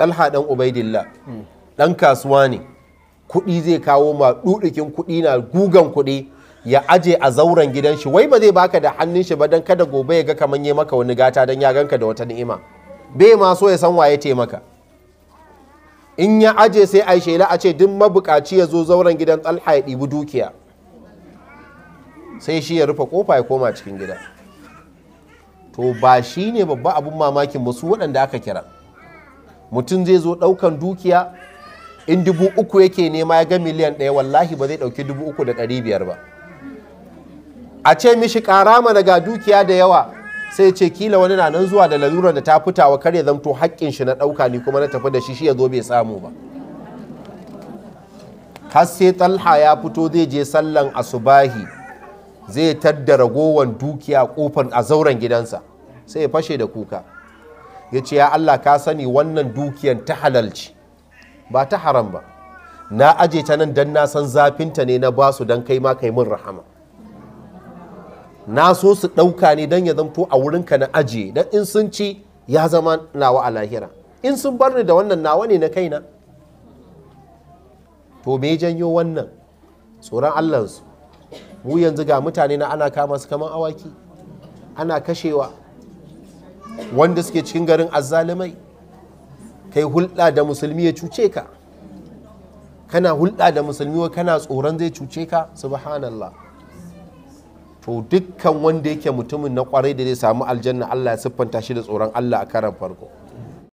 talha dan ubaidillah dan kasuwa ne kuɗi zai kawo ma ɗuɗukin kuɗi na gugan kuɗi ya aje a zauren gidan shi wai ba zai baka da hannun shi ba dan kada gobe ya ga kaman ya maka wani gata dan ya ganka da wata ni'ima bai ma so ya san waye taimaka in ya aje sai a shela a ce duk mabukaci ya zo zauren gidan talha ya ɗibi dukiya sai shi ya rufe kofa ya koma cikin gida to ba shi ne babba abin mamakin su waɗanda aka kira mutum zai zo ɗaukan dukiya in dubu uku yake nema ya ga miliyan ɗaya wallahi ba zai ɗauki dubu uku da ɗari biyar ba a ce mishi ƙara mana ga dukiya da yawa sai ce kila wani na nan zuwa da lalurar da ta fitawa kar ya zamto haƙƙin shi na ɗauka ni kuma na tafi da shi shi ya zo bai samu ba har sai talha ya fito zai je sallan asubahi zai tadda ragowan dukiya kofar a zauren gidansa sai ya fashe da kuka ya ce ya Allah ka sani wannan dukiyan ta halalci ba ta haram ba na aje ta nan don na san zafinta ne na basu don kai ma kai min rahama na so su ɗauka ne don ya zamto a wurinka na aje don in sun ci ya zama nawa a lahira in sun bar ni da wannan nawa ne na kaina to me janyo wannan tsoron allansu mu yanzu ga mutane na ana kama su kamar awaki ana kashewa wanda suke cikin garin azzalimai kai hulɗa da musulmi ya cuce ka kana hulɗa da musulmi wa kana tsoron zai cuce ka subhanallah to dukkan wanda yake mutumin na kwarai da zai samu aljanna Allah ya siffanta shi da tsoron Allah a karan farko